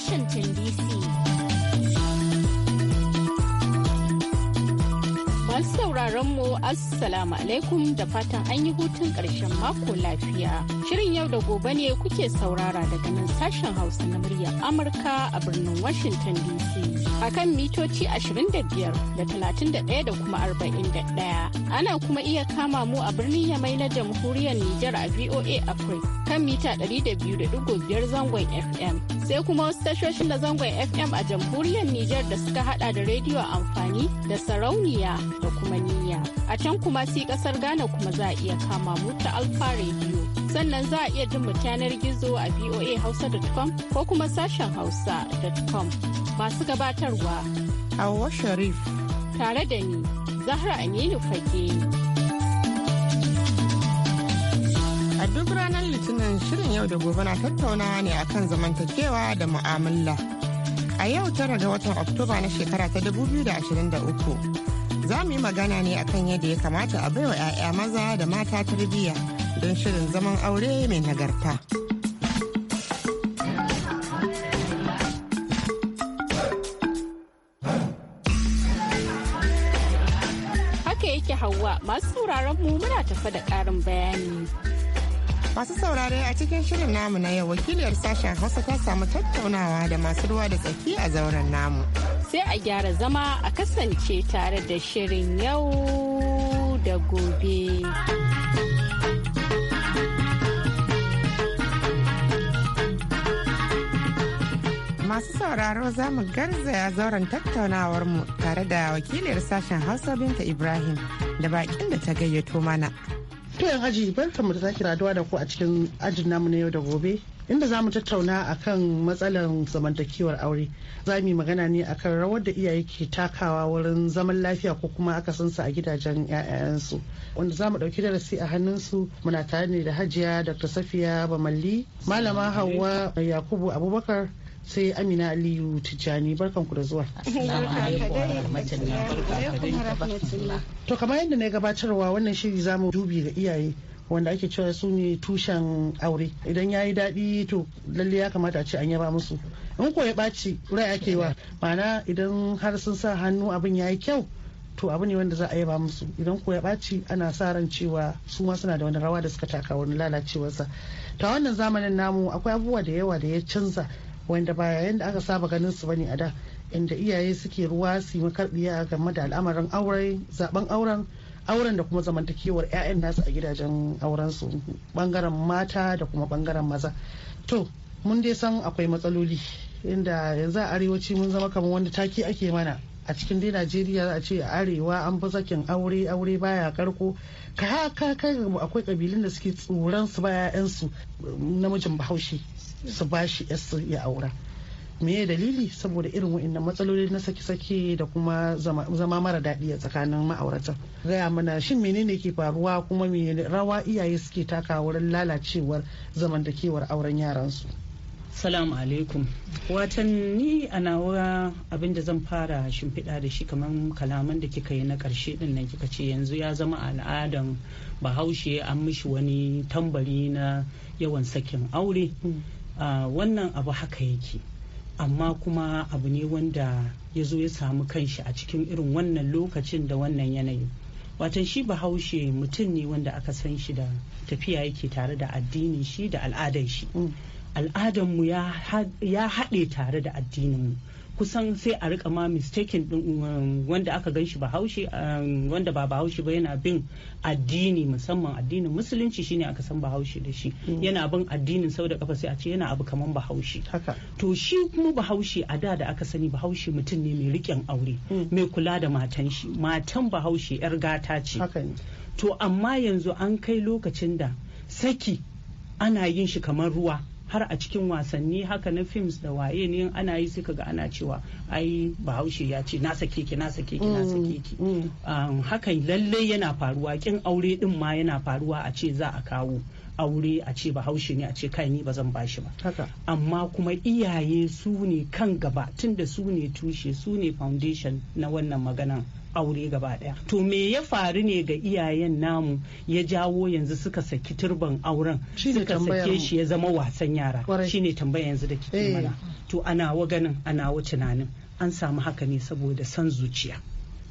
Washington DC. Masu sauraron mu Assalamu alaikum da fatan an yi hutun ƙarshen mako lafiya. Shirin yau da gobe ne kuke saurara daga nan sashen Hausa na muryar Amurka a birnin Washington DC. A kan mitoci 25 da 31 da kuma 41. Ana kuma iya kama mu a birnin Yamai na jamhuriyar Nijar a VOA Africa kan mita 200.5 zangon FM. Sai kuma wasu tashoshin da zangon FM a jamhuriyar Nijar da suka hada da rediyo amfani da sarauniya da kuma niyya. A can kuma si kasar Ghana kuma za a iya kama mu ta Alfa Radio. Sannan za a iya jin mu yanar gizo a voahausa.com ko kuma sashen hausa.com. Masu gabatarwa. Hauwa Sharif. Tare da ni, Zahra Aminu Fage. A duk ranar Litinin shirin yau da gobe na tattaunawa ne akan zamantakewa da mu'amala. A yau tara ga watan Oktoba na shekara ta 2023 za mu yi magana ne akan yadda ya kamata a baiwa 'ya'ya maza da mata tarbiyya don shirin zaman aure mai nagarta. Haka yake Hauwa, masu sauraron mu muna tafa da ƙarin bayani. Masu saurare a cikin shirin namu na yau wakiliyar sashen Hausa ta samu tattaunawa da masu ruwa da tsaki a zauren namu. sai a gyara zama a kasance tare da shirin yau da gobe. Masu sauraro za mu garzaya zauren mu tare da wakiliyar sashen Hausa Binta Ibrahim da bakin da ta gayyato mana. To yan aji barkanmu da sake raduwa da ku a cikin ajin namu na yau da gobe. inda za mu tattauna a kan matsalar zamantakewar aure za mu yi magana ne akan rawar da iyaye ke takawa wurin zaman lafiya ko kuma aka su a gidajen 'ya'yansu wanda za mu ɗauki darasi a hannunsu muna tare ne da hajiya dr safiya bamalli malama hawa yakubu abubakar sai amina aliyu tijjani barkanku da zuwa to kamar yadda na gabatarwa wannan shiri za mu dubi ga iyaye wanda ake cewa su ne tushen aure idan ya yi daɗi to lalle ya kamata a ce an yaba musu in ko ya ɓaci rai ake wa ma'ana idan har sun sa hannu abin ya yi kyau to abu ne wanda za a yaba musu idan ko ya ɓaci ana sa ran cewa su ma suna da wani rawa da suka taka wani lalacewarsa ta wannan zamanin namu akwai abubuwa da yawa da ya canza wanda ba yayin da aka saba ganin su bane a da inda iyaye suke ruwa su yi makarbiya game da al'amarin aure zaben auren auren da kuma zamantakewar 'ya'yan nasu a gidajen aurensu bangaren mata da kuma bangaren maza to mun dai san akwai matsaloli inda yanzu a arewaci mun zama kamar wanda taki ake mana a cikin dai najeriya a ce arewa an fi zakin aure aure baya karko ka haka kai akwai kabilun da suke tsoron su baya yansu namijin bahaushe su bashi yasu ya aura me dalili saboda irin wa'annan matsaloli na sake-sake da kuma zama mara daɗi a tsakanin ma'auratan gaya mana shin menene ke faruwa kuma me rawa iyaye suke taka wurin lalacewar zamantakewar auren yaran su. salamu alaikum watan ni a nawa abin da zan fara shimfiɗa da shi kamar kalaman da kika yi na ƙarshe ɗin nan kika ce yanzu ya zama al'adan bahaushe an mishi wani tambari na yawan sakin aure mm. ah, wannan abu haka yake amma kuma abu ne wanda ya zo ya samu kanshi a cikin irin wannan lokacin da wannan yanayi watan shi bahaushe mutum ne wanda aka san shi da tafiya yake tare da addinin shi da al'adar shi mm. al'adarmu ya haɗe tare da addininmu kusan sai a rika ma mistakin um, wanda aka gan shi bahaushe um, wanda ba bahaushe ba yana bin addini musamman addinin musulunci shine aka san bahaushe da shi mm. yana bin addinin sau da kafa sai a ce yana abu kaman bahaushe to shi kuma bahaushe a da da aka sani bahaushe mutum ne mai riƙen aure mm. mai kula da matan shi matan bahaushe yar gata ce to amma yanzu an kai lokacin da saki ana yin shi kamar ruwa har a cikin wasanni haka na films da waye ne ana yi suka ga ana cewa ai bahaushe ya ce na sake ki na sake ki mm, mm. Um, hakan lallai yana faruwa kin aure din ma yana faruwa a ce za a kawo aure a ce bahaushe ne a ce kai ni ba zan bashi ba amma kuma iyaye su ne kan gaba tunda su ne tushe su ne foundation na wannan maganan aure gaba daya to me ya faru ne ga iyayen namu ya jawo yanzu suka saki turban auren suka sake shi ya zama wasan yara shine tambaya yanzu da kike eh. mana to ana wa ganin ana wa tunanin an samu haka ne saboda san zuciya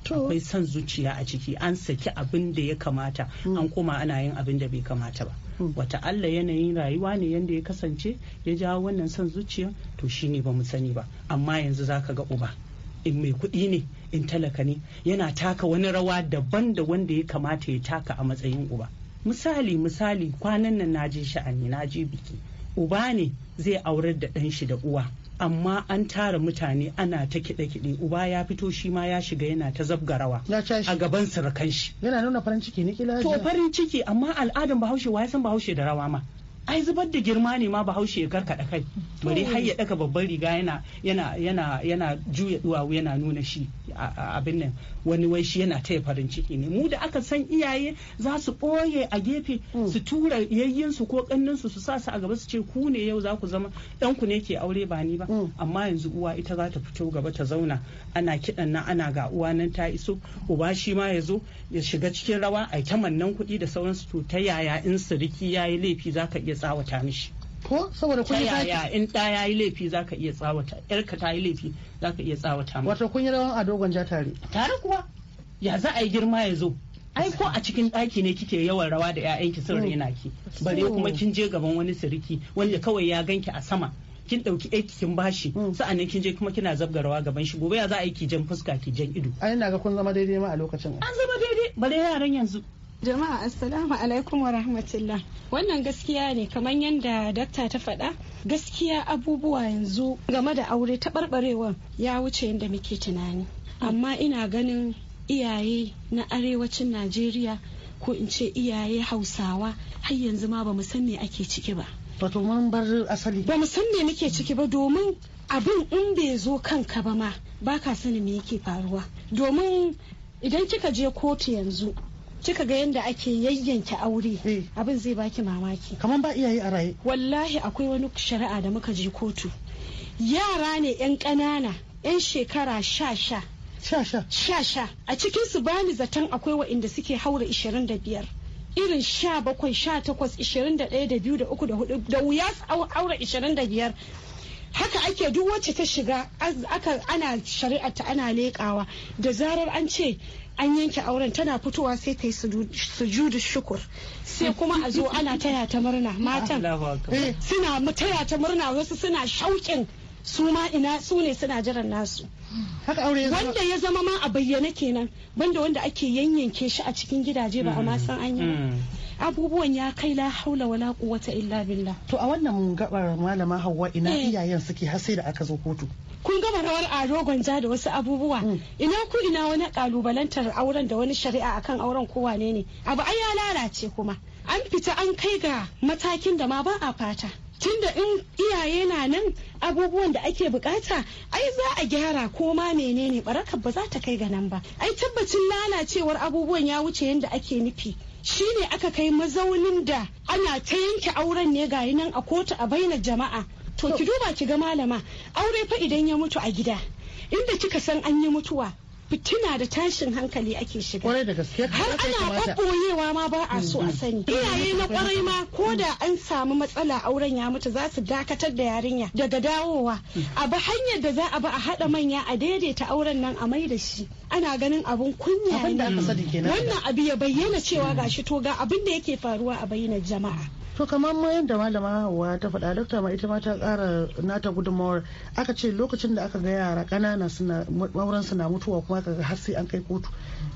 akwai son zuciya a ciki an saki abin da ya kamata hmm. an koma ana yin abin da bai kamata ba hmm. wata Allah yanayin rayuwa ne yanda ya kasance ya jawo wannan son zuciya to shine ba mu sani ba amma yanzu zaka ga uba in mai kuɗi ne in talaka ne yana taka wani rawa daban da wanda ya kamata ya taka a matsayin uba misali misali kwanan nan na je sha'ani na je biki uba ne zai aurar da ɗan shi da uwa amma an tara mutane ana ta kiɗe-kiɗe uba ya fito shi ma ya shiga yana ta zabga rawa a gaban sarakan shi yana nuna farin ciki ne kila to farin ciki amma al'adan bahaushe wa ya san bahaushe da rawa ma ai zubar da girma ne ma bahaushe ya karkada kai bari har ya daka babban riga yana yana yana yana juya duwawu yana nuna shi abin nan wani wai shi yana taya farin ciki ne mu da aka san iyaye za su ɓoye a gefe mm. su tura yayyin su ko kannin su su sa su a gaba su ce ku ne yau za ku zama dan ku ne ke aure ba ni ba mm. amma yanzu uwa ita za ta fito gaba ta zauna ana kidan nan ana ga uwa nan ta iso uba shi ma ya zo ya shiga cikin rawa a ta mannan kuɗi da sauransu to ta yaya in siriki yayi laifi za ka iya tsawata mishi ko saboda kun yi yaya in da ya yi laifi zaka iya tsawata ka ta yi laifi zaka iya tsawata mu wato kun yi rawan a dogon ja tare tare kuwa ya za a yi girma ya zo ai ko a cikin ɗaki ne kike yawan rawa da ki sun na ki bare kuma kin je gaban wani siriki wanda kawai ya ganki a sama kin dauki aiki kin bashi mm. sa'annan kin je kuma kina zabga rawa gaban shi gobe ya za a yi ki jan fuska ki jan ido ai ina ga kun zama daidai ma a lokacin an zama daidai bare yaran yanzu Jama'a assalamu alaikum wa rahmatullah. Wannan gaskiya ne kamar yadda dakta ta faɗa gaskiya abubuwa yanzu game da aure ta taɓarɓarewa ya wuce yadda muke tunani. Amma ina ganin iyaye na arewacin Najeriya ko in ce iyaye hausawa har yanzu ma ba mu san me ake ciki ba. Wato mun bar asali. Ba san me muke ciki ba domin abin in bai zo kanka ba ma ba ka sanin me yake faruwa. Domin idan kika je kotu yanzu kika ga yadda ake yayyanke aure eh. abin zai baki mamaki kamar ba iyaye a raye wallahi akwai wani shari'a da muka je kotu yara ne yan ƙanana yan shekara sha sha sha sha a cikin su bani zaton akwai wa'inda suke haura 25 irin sha bakwai sha takwas ishirin da ɗaya da biyu da uku da hudu da wuya aure ishirin da biyar haka ake duk wacce ta shiga aka ana shari'arta ana leƙawa da zarar an ce an yanke auren tana fitowa sai ta yi sujudu shukur sai kuma a zo ana taya ta murna matan eh, suna taya ta murna wasu suna shauƙin su ma ina su ne suna jiran nasu wanda ya zama ma a bayyana kenan banda wanda ake yanyanke shi a cikin gidaje ba a masan san mm. abubuwan ya kai la haula wala quwwata illa billah to a wannan gabar malama Hauwa ina eh. iyayen suke har sai da aka zo kotu kun gama rawar ado gwanja da wasu abubuwa mm. ina ku ina wani kalubalantar auren da wani shari'a akan auren ko ne ne abu ai ya lalace kuma an fita an kai ga matakin da ma ba a fata da in iyaye na nan abubuwan da ake bukata ai za a gyara ko ma menene barakar ba za ta kai ga nan ba ai tabbacin lalacewar abubuwan ya wuce yadda ake nufi Shi ne aka kai mazaunin da ana ta yanke auren ne ga nan a kotu a baina jama'a to ki duba ki ga malama aure fa idan ya mutu a gida inda kika san an yi mutuwa fitina da tashin hankali ake shiga har ana ɓaɓɓoyewa ma ba a so a mm-hmm. sani iyaye na kwarai ma ko da an samu matsala auren ya mutu za su dakatar da yarinya daga dawowa a bi hanyar da za a bi a haɗa manya a daidaita auren nan a mai da shi ana ganin abun kunya wannan abu ya bayyana cewa gashi to ga abin da yake faruwa a bayyana jama'a to kamar ma yadda malama hawa ta faɗa dokta ma ita ma ta ƙara nata gudunmawar aka ce lokacin da aka ga yara ƙanana suna auren suna mutuwa kuma aka ga har sai an kai kotu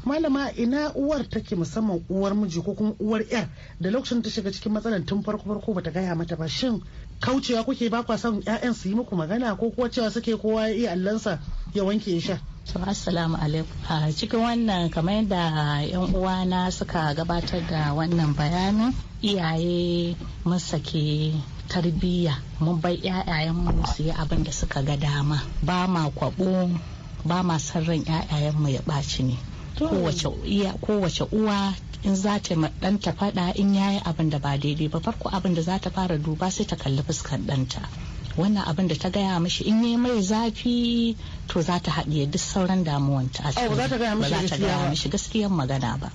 malama ina uwar take musamman uwar miji ko kuma uwar yar da lokacin ta shiga cikin matsalar tun farko farko bata gaya mata ba shin kaucewa kuke ba kwa son ƴaƴan su yi muku magana ko kuwa cewa suke kowa ya iya allansa ya wanke ya sha So, assalamu alaikum. A cikin wannan kamar yadda 'yan uwana suka gabatar da wannan bayanin iyaye mun sake tarbiyya mun bai 'ya'yayenmu su yi abin da suka ga dama ba ma kwabo ba ma son ran 'ya'yayenmu ya ɓaci ne. Kowace uwa in za ta ɗanta faɗa in yayi abin da ba daidai ba farko abin da za ta fara duba sai ta kalli fuskar ɗanta. wannan abin da ta gaya mishi in yi mai zafi to za ta haɗiye duk sauran damuwanta a ba za ta gaya mishi gaskiyar magana ba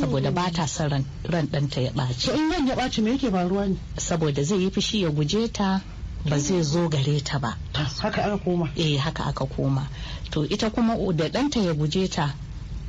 saboda ba ta son ran ɗanta ya ɓaci in ran ya ɓaci me yake faruwa ne saboda zai yi fushi ya guje ta ba zai zo gare ta ba haka aka koma eh haka aka koma to ita kuma da ɗanta ya guje ta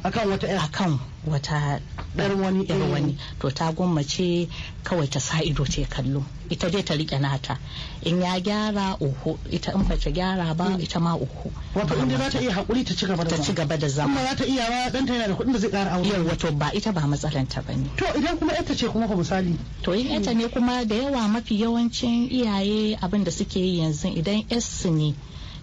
akan wata akan wata dar wani ɗan wani to ta gwammace kawai ta sa ido ce kallo ita dai ta rike nata in ya gyara oho ita in ba gyara ba hmm. ita ma oho wato in za ta iya hakuri ta ci gaba da ta ci gaba da zama za ta iya wa dan ta yana da kuɗin da zai ƙara aure yawa wato ba ita ba matsalan ta bane to idan kuma ita ce kuma ka misali to in ita ne kuma da yawa mafi yawancin iyaye abin da suke yi yanzu idan s ne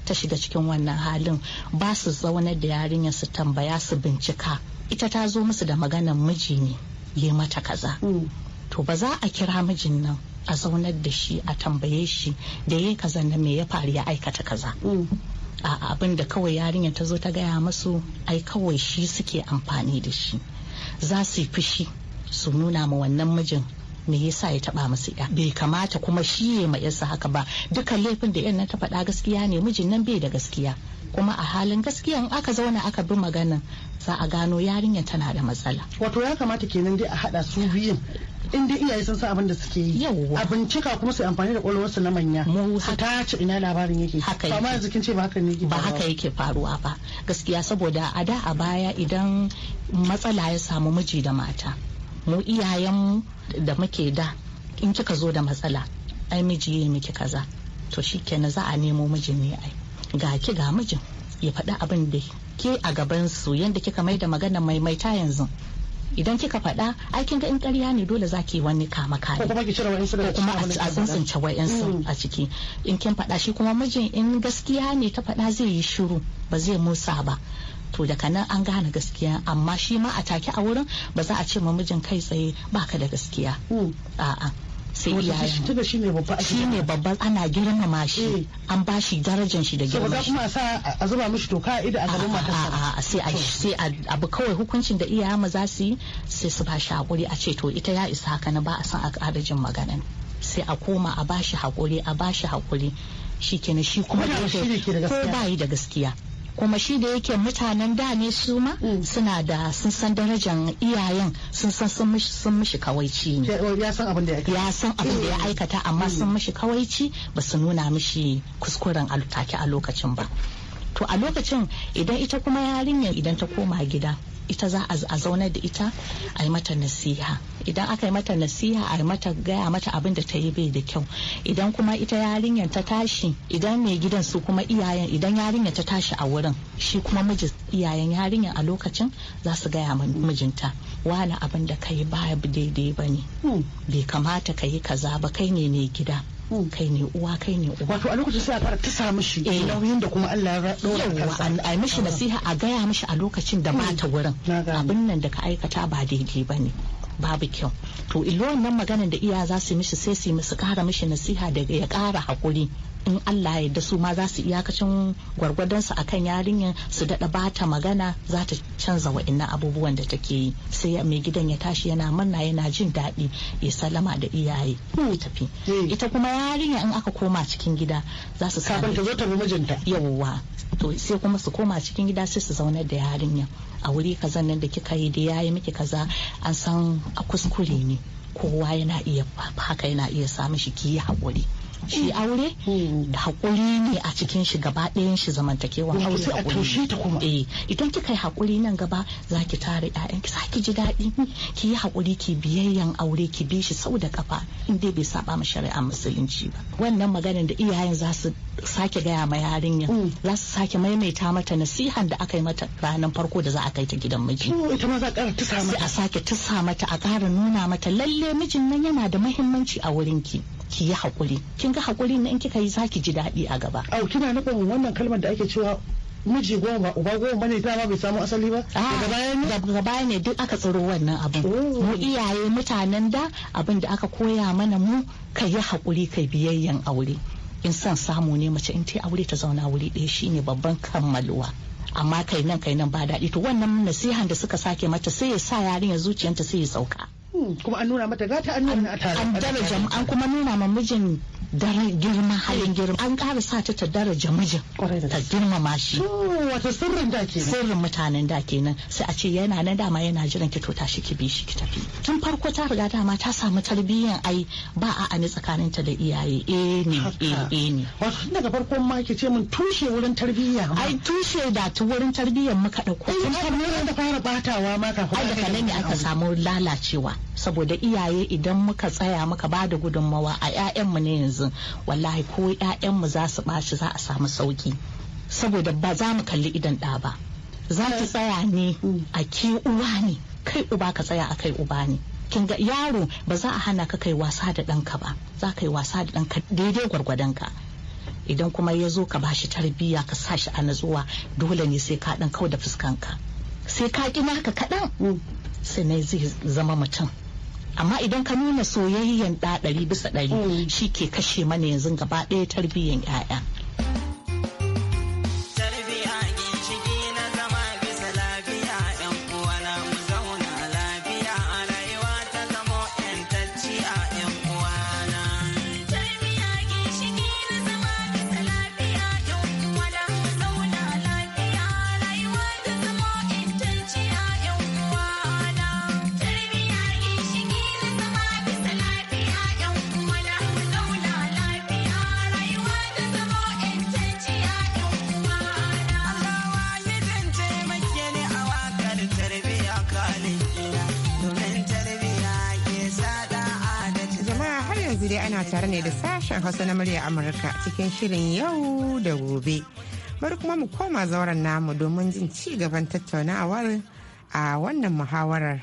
ta shiga cikin wannan halin ba su zaunar da yarinyar su tambaya su bincika ita ta zo musu da maganan miji ne ya mata kaza mm. to ba za a kira mijin nan a zaunar da shi a tambaye shi da ya kaza na me ya faru ya aikata kaza mm. a abin da kawai yarinyar ta zo ta gaya masu ai kawai shi suke amfani da shi za su yi fushi su nuna ma wannan mijin me yasa ya taba musu ya bai kamata kuma shi ya ma haka ba duka laifin da yan ta faɗa gaskiya ne mijin nan bai da gaskiya kuma a halin gaskiya in aka zauna aka bi maganin za a gano yarinya tana da matsala wato ya kamata kenan dai a hada su biyun in dai iyaye sun san abin da suke yi a bincika kuma su amfani da kwalwarsu na manya su ci ina labarin yake haka yake amma kin ce ba haka ne ba haka yake faruwa ba gaskiya saboda a da a baya idan matsala ya samu miji da mata mu iyayen da muke da in kika zo da matsala ai miji ya miki kaza to kenan za a nemo mijin ne ai ga ki ga mijin ya faɗi abin da ke a gaban su yadda kika mai da magana maimaita yanzu idan kika faɗa aikin kin ga in ƙarya ne dole za ki wani kama kare ko kuma ki cire daga kuma a tsuntsunce mm. a ciki in kin faɗa shi kuma mijin in gaskiya ne ta faɗa zai yi shiru ba zai musa ba to daga nan an gane gaskiya amma shi ma a take a wurin ba za a ce ma mijin kai tsaye baka da gaskiya mm. a'a sai iyayen tunda shine babba shine babba ana girmama shi eh. an ba shi darajar shi da girma shi kuma sa a zuba mishi toka ida a garin matarsa a sai a sai abu kawai hukuncin da iyaye ma za su yi sai su ba shi hakuri a ce to ita ya isa haka na ba a san a ƙara jin maganan sai a koma a ba shi hakuri a ba shi hakuri shi kenan shi kuma ko ba yi da gaskiya kuma shi da yake mutanen da ne su ma mm. suna da sun san darajar iyayen sun san sun mishi kawaici ne ya san abin da ya aikata mm. amma mm. sun mishi kawaici ba su nuna mishi kuskuren take a lokacin ba to a lokacin idan ita kuma yarinyar idan ta koma gida ita za a zaunar da ita a yi mata nasiha idan aka yi mata nasiha a yi mata gaya mata abin da ta yi bai da kyau idan kuma ita yarinyar ta tashi idan mai gidan su kuma iyayen idan yarinyar ta tashi a wurin shi kuma miji iyayen yarinyar a lokacin za su gaya mijinta wani abin da ka yi ba daidai ba ne hmm. bai kamata ka yi kaza ba kai ne mai gida kai ne uwa kai ne uwa wato a lokacin sai a fara mishi eh. nauyin da kuma Allah ya dora kansa a mishi ah. nasiha a gaya mishi a lokacin da ba hmm. ta wurin abin nan da ka aikata ba daidai ba ne babu kyau to ilo wannan maganar da iya za su mishi sai su musu kara mishi nasiha daga ya kara hakuri in Allah ya da su ma za su iyakacin gwargwadon su kan yarinyar su ba ta magana za ta canza ina abubuwan da take yi sai mai gidan ya tashi yana murna yana jin daɗi ya salama da iyaye ko tafi hmm. ita kuma yarinya in aka koma cikin gida za su sa ta zo ta mijinta yawwa to sai kuma su koma cikin gida sai su zauna da yarinya a wuri kaza nan da kika yi da yayi miki kaza an san a kuskure ne kowa yana iya haka yana iya samun shi ki haƙuri shi aure hmm. Da hakuri ne a cikin shi gaba ɗayan shi zamantakewa hmm, aure tushe ta kuma eh idan kika yi hakuri nan gaba zaki tare ƴaƴan ki zaki ji daɗi ki yi hakuri ki biyayyan aure ki bi shi sau da kafa in dai bai saba ma shari'a musulunci ba wannan maganar da iyayen za su sake gaya ma yarinya hmm. za su sake maimaita mata nasihan da aka yi mata ranar farko da za a kai ta gidan miji ita ma za a ƙara tusa mata a sake tusa mata a ƙara nuna mata lalle mijin nan yana da mahimmanci a wurin ki. ki yi hakuri kin ga hakuri na in kika yi zaki ji daɗi a gaba au kina nufin wannan kalmar da ake cewa miji goma uba goma bane ba bai samu asali ba ah, daga baya ne daga baya ne duk aka tsiro wannan abin oh. mu iyaye mutanen da abin da aka koya mana mu ka yi hakuri kai biyayyan aure in son samu ne mace in ta aure ta zauna wuri ɗaya shine babban kammaluwa amma kai nan kai nan ba daɗi to wannan nasihan da suka sake mata sai ya sa yarinya zuciyanta sai ya sauka Hmm, kuma an nuna mata gata an nuna an daraja an kuma nuna ma mijin dara girma halin girma an ƙara sa ta ta daraja mijin ta girmama shi wata sirrin da ke sirrin mutanen da ke nan sai a ce yana na dama yana jiran ki to tashi ki bi shi ki tafi tun farko ta riga dama ta samu tarbiyyan ai ba a ani tsakaninta da iyaye eh ne eh eh ne wato daga farkon ma ki ce mun tushe wurin tarbiyya ai tushe da tu wurin tarbiyyan muka dauko tun eh, farko da fara batawa ma kafin ai da kanin ne aka samu lalacewa saboda iyaye idan muka tsaya muka ba da gudunmawa a 'ya'yanmu ne yanzu wallahi ko 'ya'yanmu za su bashi za a samu sauki saboda ba za mu kalli idan ɗa ba za ki tsaya ne a ke uwa ne kai uba ka tsaya a kai uba ne kin ga yaro ba za a hana ka kai wasa da ɗanka ba za ka yi wasa da ɗanka daidai gwargwadonka idan kuma ya zo ka bashi tarbiyya ka sa shi a natsuwa dole ne sai ka ɗan kau da fuskanka sai ka ƙi naka kaɗan mm. Sai na zai zama mutum amma idan ka nuna soyayyen ɗaɗari bisa ɗari mm. shi ke kashe mana yanzu gaba ɗaya tarbiyyan 'ya'ya hausa na murya amurka cikin shirin yau da gobe bari kuma mu koma zauren namu domin jin ci gaban tattaunawar a wannan muhawarar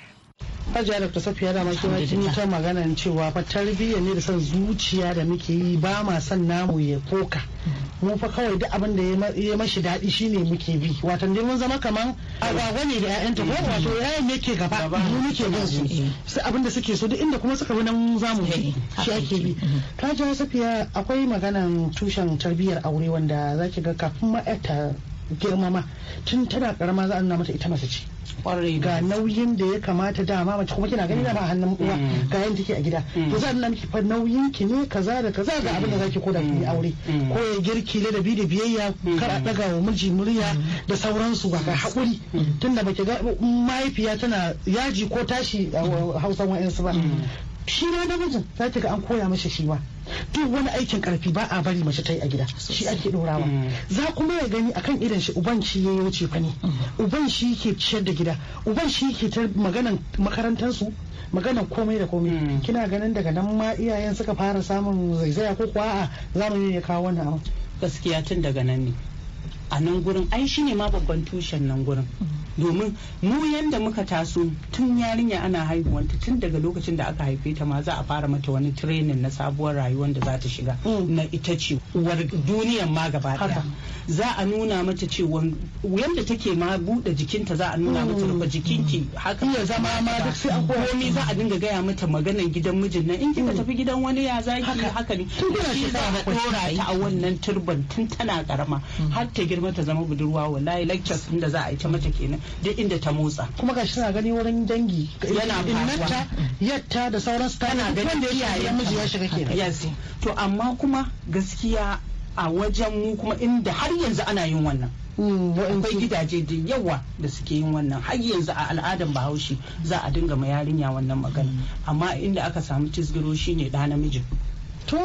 Hajiya Dr. Safiya da maki maki ta magana cewa fa tarbiyya ne da son zuciya da muke yi ba ma son namu ya koka. Mu fa kawai duk abin da ya mashi daɗi shine muke bi. Watan dai mun zama kaman agwagwa ne da ƴaƴanta ko mm-hmm. wato ƴaƴan ne ke gaba mu muke bin su. Mm-hmm. Sai abin da suke so duk inda kuma suka bi nan za mu bi mm-hmm. shi ake bi. Hajiya Safiya akwai maganan tushen tarbiyyar aure wanda zaki ga kafin ma'aikata girmama tun tana karama za a nuna mata ita mace ce ga nauyin da ya kamata dama mace kuma kina gani mm. dama hannun uwa mm. ga yanda take a gida to za a nuna miki fa nauyin ki ne kaza da kaza ga abin da mm. zaki koda ki aure ko ya girki da bi da biyayya kar a daga wa miji murya da sauransu ba kai hakuri tunda baki ga mahaifiya tana yaji ko tashi a hausan wa'ansu ba shi ma namijin za ki ga an koya masa shi ma duk wani aikin karfi ba a bari mace ta yi a gida shi ake dorawa mm. za kuma ya gani akan irin shi uban shi ya wuce fa ne mm. uban shi ke ciyar da gida uban shi ke ta maganan makarantar su maganan komai da komai mm. kina ganin daga nan ma iyayen suka fara samun zaizaya ko kuwa a zamani ya kawo wannan gaskiya tun daga nan ne a nan gurin ai shi ne ma babban tushen nan gurin domin mu yanda muka taso tun yarinya ana haihuwanta tun daga lokacin da aka haife ta ma za a fara mata wani training na sabuwar rayuwar da za ta shiga mm. na ita ce uwar duniyan ma gaba daya za a nuna mata cewa yanda take ma bude jikinta za a nuna mata mm. rufe jikinki mm. haka ya zama ma duk sai an komi za a dinga gaya mata maganan gidan mijin na in kika tafi gidan wani ya zaki haka ne tun da shi za a dora ta a wannan turban tun tana karama har ta girma girma ta zama budurwa wallahi lectures inda da za a yi ta mata kenan duk inda ta motsa kuma ga shi gani wurin dangi yana faruwa yatta da sauran su tana gani wanda ya miji ya shiga kenan to amma kuma gaskiya a wajen mu kuma inda har yanzu ana yin wannan mm, akwai gidaje da yawa da suke yin wannan har yanzu a al'adan bahaushe za a dinga ma yarinya wannan magana mm. amma inda aka samu cizgiro shine ɗa namijin to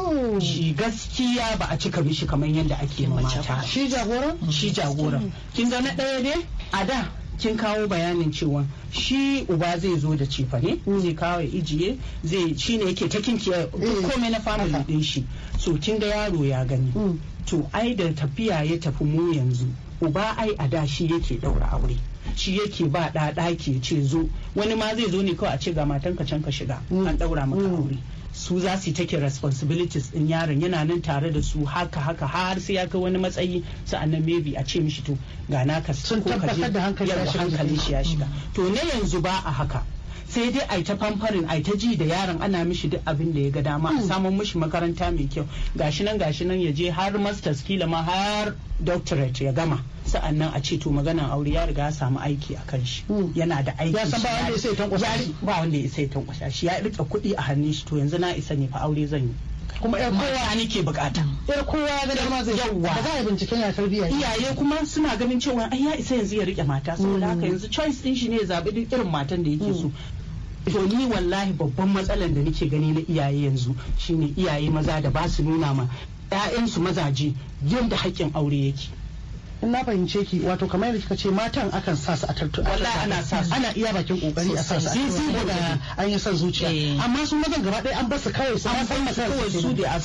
gaskiya ba a cika bishi kamar yadda ake mata shi jagora mm. shi jagora mm. kin ga na ɗaya ne a da kin kawo bayanin cewa shi uba zai zo da cefa ne mm. zai kawo ya ijiye zai shi ne yake ta kinkiya komai na family din shi so kin ga yaro ya gani to ai da tafiya ya tafi mu yanzu uba ai a da shi yake ɗaura aure shi yake ba ɗaɗa ke ce zo wani ma zai zo ne kawai a ce ga matanka can ka shiga an ɗaura maka aure su za su take responsibilities din yaron yana nan tare da su haka haka har sai ya kai wani matsayi sa'annan maybe a ce mishi to ga naka ko ka je hankalin shi ya shiga mm. to ne yanzu ba a haka sai dai a ta famfarin a ta ji da yaron ana mishi duk abin da ya ga dama a mm. samun mishi makaranta mai kyau gashi nan gashi nan ya je har masters kila ma har doctorate ya gama sa'an nan a ce to maganan aure ya riga ya samu aiki a kan shi hmm. yana da aiki ya san ba wanda ya sai kwasa shi ba wanda ya sai kwasa shi ya rike kuɗi a hannun shi to yanzu na isa ne fa aure zan yi kuma yar kowa ke bukata yar kowa ya ga dama zai yawa ba za a binciken ya tarbiyya iyaye kuma suna ganin cewa ai ya isa yanzu ya rike mata saboda haka hmm. yanzu choice din shi ne ya zabi duk irin matan da yake so hmm. to ni wallahi babban matsalan da nake gani na iyaye yanzu shine iyaye maza da ba su nuna ma 'ya'yansu mazaje yadda haƙƙin aure yake in na fahimce ki wato kamar yadda kika ce matan akan sa su a tartu wallahi ana ana iya bakin kokari a sa su a da an yi son zuciya eh. amma su mazan gaba ɗaya an basu kawai su an san kawai su da a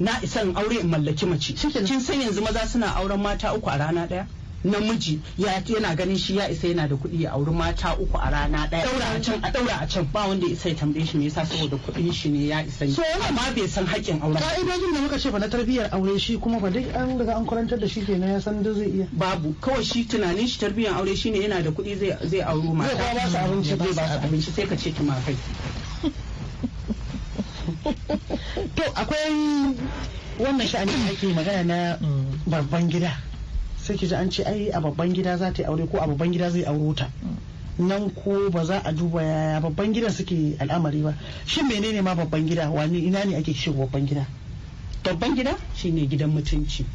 na isan aure in mallaki mace kin san yanzu maza suna auren mata uku a rana ɗaya namiji ya yana ganin shi ya isa yana da kuɗi ya auri mata uku a rana ɗaya daura a can a daura a can ba wanda isa ya tambaye shi me yasa saboda kuɗin shi ne ya isa so amma bai san haƙƙin aure ka'idojin da muka ce ba na tarbiyyar aure shi kuma ba duk an riga an karantar da shi kenan ya san da zai iya babu kawai shi tunanin shi tarbiyyar aure shi ne yana da kuɗi zai zai auro mata zai ba su abinci ba su abinci sai ka ce ki kai. to akwai wannan sha'ani ake magana na mm. babban gida sai ki ji an ce ai a babban gida za ta yi aure ko a babban gida zai auro ta nan ko ba za a duba yaya babban gida suke al'amari ba shin menene ma babban gida wani ina ne ake shigo babban gida babban gida shine gidan mutunci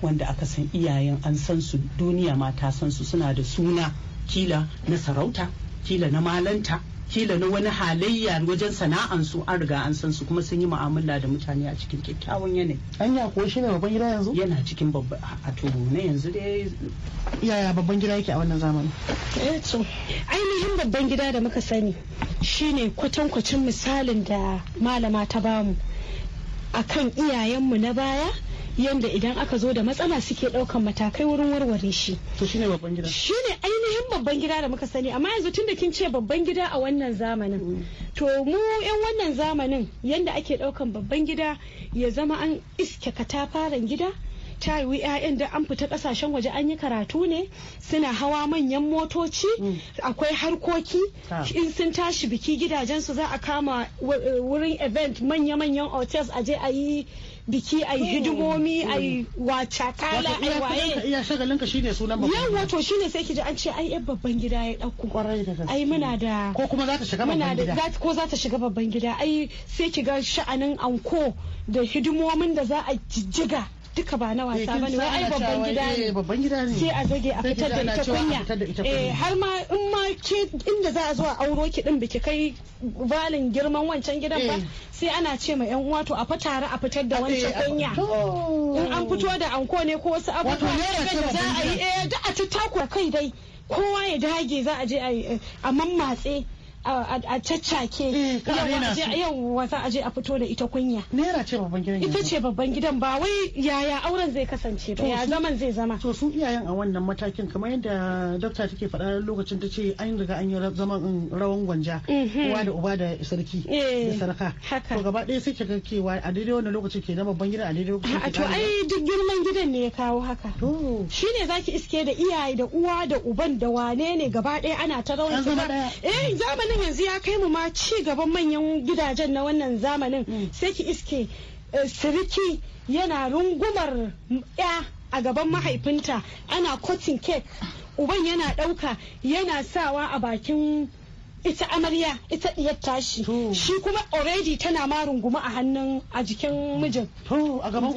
wanda aka san iyayen an san su duniya ma ta san su suna da suna kila na sarauta kila na malanta kila na wani halayya wajen sana'ansu an riga an san su kuma sun yi mu'amala da mutane a cikin kyakkyawan yanayi An ya ko shi ne babban gida yanzu yana cikin babba a togo na yanzu dai yaya babban gida yake a wannan zamani eh to ainihin babban gida da muka sani shi ne kwatankwacin misalin da malama ta bamu akan iyayenmu na baya yanda idan aka zo da matsala suke daukan matakai wurin warware shi to shine babban gida shine ainihin babban gida da muka sani amma yanzu tunda kin ce babban gida a wannan zamanin mm. to mu yan wannan zamanin yanda ake daukan babban gida ya zama an iske katafaren gida ta yiwu 'ya'yan da an fita kasashen waje an yi karatu ne suna hawa manyan motoci mm. akwai harkoki in sun tashi biki gidajensu za a kama eh, wurin event manya-manyan hotels a je a yi biki yi hidimomi kala wacakala yi waye iya shagalin ka shine sunan babban yawa to shine sai ki ji an ce ai yan babban gida ya dauko kwarai da gaske ai muna da ko kuma za ta shiga babban gida ko za ta shiga babban gida ai sai ki ga sha'anin anko da hidimomin da za a jijjiga duka ba na wasa eh, bane wai ai babban gida ne eh, babban gida ne sai a zage a fitar da ita kunya eh har ma in ma ke inda za a zo a auro ki din biki kai valin girman wancan gidan ba eh. sai ana ce ma yan uwa to a fatara a fitar da wancan kunya oh. in an fito da anko ne ko wasu abubuwa da za a yi eh da a tattakura kai dai kowa ya dage za a je a mammatse a caccake eh, yawwa za a je a fito da ita kunya naira ce babban gidan ita ce babban gidan ba wai yaya auren zai kasance ba ya zaman zai zama to su iyayen a wannan matakin kamar yadda dokta take faɗa lokacin ta ce an riga an yi zaman mm, rawan gwanja mhm. uwa da uba da sarki da eh, sarka to gaba ɗaya sai kaga kewa a daidai wannan lokacin ke da babban gidan a daidai lokacin to ai duk girman gidan ne ya kawo haka to shine zaki iske da iyaye da uwa da uban da wane ne gaba ɗaya ana ta rawan eh zaman halin yanzu ya kai mu ma ci gaban manyan gidajen na wannan zamanin mm. sai ki iske eh, siriki yana rungumar ya a gaban mahaifinta ana kotin cake uban yana ɗauka yana sawa a bakin ita amarya ita diyar tashi shi kuma already tana ma runguma a hannun a jikin mijin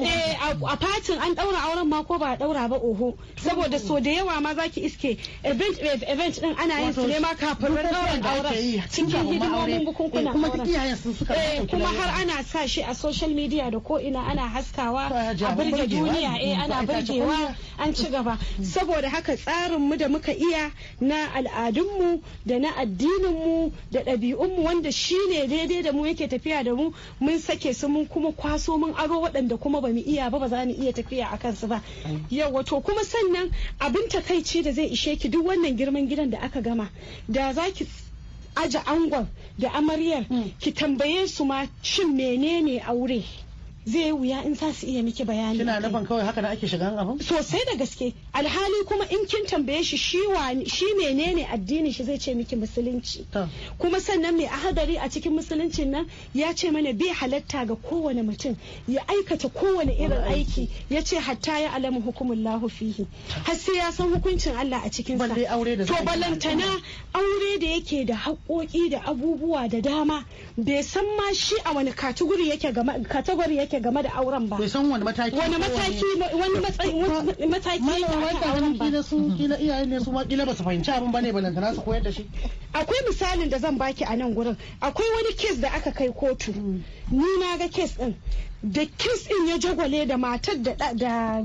eh, a fatin an daura auren ma ko ba a daura ba oho saboda so da yawa ma zaki iske event event din ana yin su ne ma kafin ran daura cikin hidimomin bukunkuna eh, kuma iyayen sun suka eh, kuma har ana sa shi a social media da ko ina ana haskawa a burge duniya eh ana burgewa an ci gaba saboda haka tsarin mu da muka iya na al'adunmu da na addinin mu da ɗabi'unmu wanda shi ne daidai da mu yake tafiya da mu mun sake su mun kuma kwaso mun aro waɗanda kuma ba mu iya ba ba za mu iya tafiya a kansu ba yau wato kuma sannan abin takaici da zai ishe ki duk wannan girman gidan da aka gama da za ki aji angon da amaryar hmm. ki tambaye su ma shin menene aure zai wuya in za su iya miki bayani kina nufin kawai haka na ake shiga abin sosai da gaske alhali kuma in kin tambaye shi shi menene addini shi zai ce miki musulunci kuma sannan mai ahadari a cikin musuluncin nan ya ce mana bai halatta ga kowane mutum ya aikata kowane irin aiki ya ce hatta ya alamu hukumun lahu fihi har sai ya san hukuncin Allah a cikin sa to balantana aure da yake da haƙoƙi da abubuwa da dama bai san ma shi a wani kategori yake game yake game da auren ba bai san wani mataki wani mataki wani mataki akwai misalin da zan baki a nan gurin akwai wani kes da aka kai kotu hmm. ni na ga kes din da kes din ya jagwale da matar da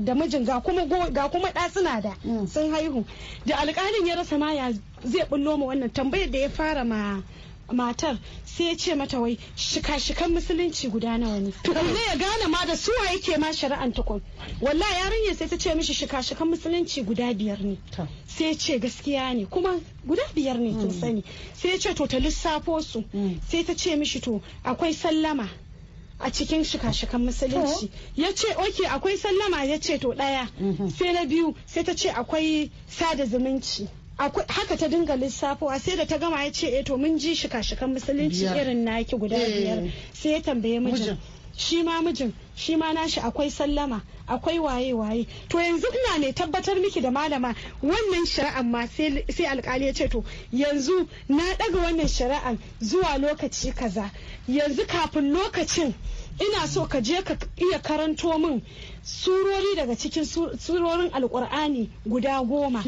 da mijin ga kuma ga kuma da suna da hmm. sun haihu da alƙalin ya rasa maya zai bullo ma wannan tambayar da ya fara ma matar sai ya ce mata wai shika-shikan musulunci guda nawa ne tukunna ya gane ma da suwa yake ma shari'an tukun wallahi yarinyar sai ta ce mishi shika-shikan musulunci guda biyar ne sai ya ce gaskiya ne kuma guda biyar ne kin hmm. sani sai ya ce to ta lissafo su hmm. sai ta ce mishi to akwai sallama a cikin shika-shikan musulunci ya ce oke akwai sallama ya ce to ɗaya hmm. sai na biyu sai ta ce akwai sada zumunci haka ta dinga lissafowa sai da ta gama ya ce eh, to mun ji shika-shikan musulunci irin naki guda eh. biyar sai ya tambaye mijin shi ma mijin shi ma nashi akwai sallama akwai waye-waye to yanzu ina ne tabbatar miki da malama wannan shari'an ma sai alkali ya ce to yanzu na daga wannan shari'an zuwa lokaci kaza yanzu kafin lokacin ina so ka je ka iya karanto min surori daga cikin surorin alkur'ani guda goma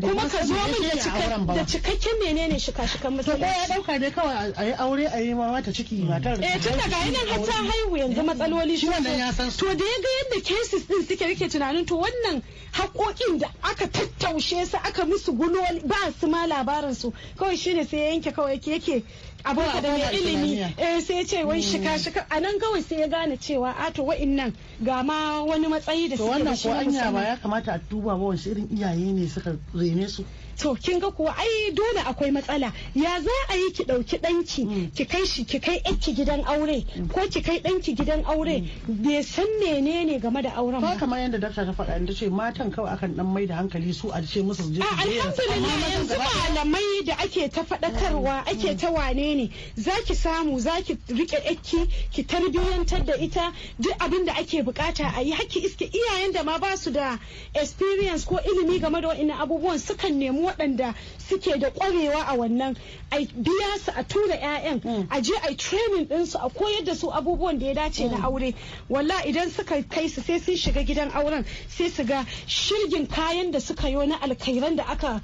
kuma ka zo min da cikakken menene shika-shikan musulunci to ya dauka dai kawai a yi aure a yi mama ta ciki hmm. matar eh tun daga yanayin hata haihu yanzu hmm. matsaloli shi wannan ya san to da ya ga yadda cases din suke rike tunanin to wannan haƙoƙin da aka tattaushe su aka musu gulo ba su ma labarin su kawai shine sai ya yanke kawai yake abin da mai ilimi eh, sai ce wai shika shika a nan kawai sai ya gane cewa a to wa'annan ga ma wani matsayi da suke da shi wannan ko anya ba ya kamata a duba ba wani irin iyaye ne suka rene su to kin ga kuwa ai dole akwai matsala ya za a yi ki ɗauki ɗanki mm. ki kai shi ki kai ki gidan aure mm. ko ki kai ɗanki gidan aure mm. bai san menene game da auren ba kamar yadda dakta ta faɗa inda ce matan kawai akan dan mai da hankali su a ce musu je alhamdulillah yanzu malamai da ake ta faɗakarwa ake ta wane ne zaki samu zaki rike ɗanki ki tarbiyyantar da ita duk abin da ake bukata a yi hakki iske iyayen da ma ba su da experience ko ilimi game da wa'annan abubuwan sukan nemi waɗanda suke da ƙwarewa a wannan a biya su a tura 'ya'yan mm. a je a training ɗinsu a koyar da su abubuwan da ya dace na mm. aure walla idan suka kai su sai sun shiga gidan auren sai su ga shirgin kayan da suka yi na alkairan da aka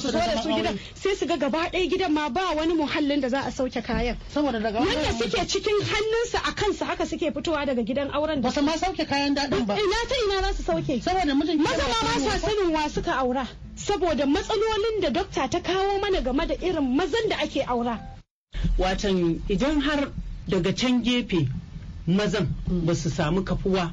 su da su gidan sai su ga gaba ɗaya gidan ma ba wani muhallin da za a sauke kayan saboda daga wanda suke cikin hannunsa a kansu haka suke fitowa daga gidan auren da ba ma sauke kayan daɗin ba ina ta ina za su sauke saboda mutum maza ma ba sa sanin wa suka aura saboda matsalolin da dokta ta kawo mana game da irin mazan da ake aura. Watan idan har daga can gefe mazan hmm. ba su samu kafuwa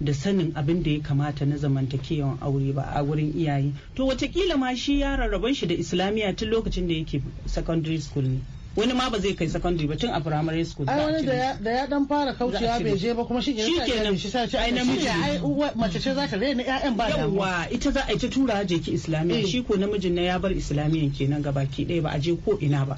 da sanin abin da ya kamata na zamantakewan aure ba a wurin iyaye to watakila ma shi ya rarraban shi da islamiyya tun lokacin da yake secondary school ne wani ma ba zai kai secondary ba tun a primary school ai wani da ya dan fara kaucewa bai je ba kuma shi ke shi sai ce ai namiji ai mace ce za ta na ƴaƴan ba da yawa ita za a ita tura je ki islamiyya eh. shi ko namijin na ya bar islamiyyan kenan gabaki ɗaya ba a je ko ina ba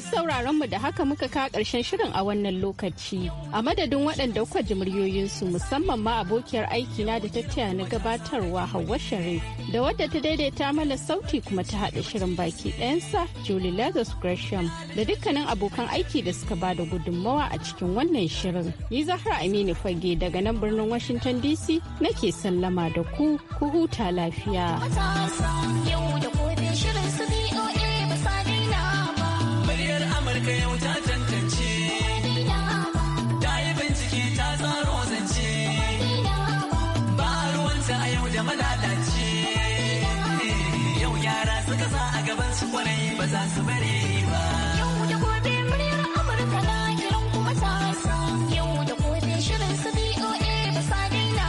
Masu sauraron mu da haka muka ka karshen shirin a wannan lokaci. A madadin waɗanda kuka ji muryoyinsu musamman ma abokiyar aiki na da ta taya na gabatarwa Hauwa shari da wadda ta daidaita mana sauti kuma ta haɗa shirin baki ɗayansa Julie Lazarus Gresham da dukkanin abokan aiki da suka ba da gudummawa a cikin wannan shirin. Ni Zahra Aminu Fage daga nan birnin Washington DC nake sallama da ku ku huta lafiya.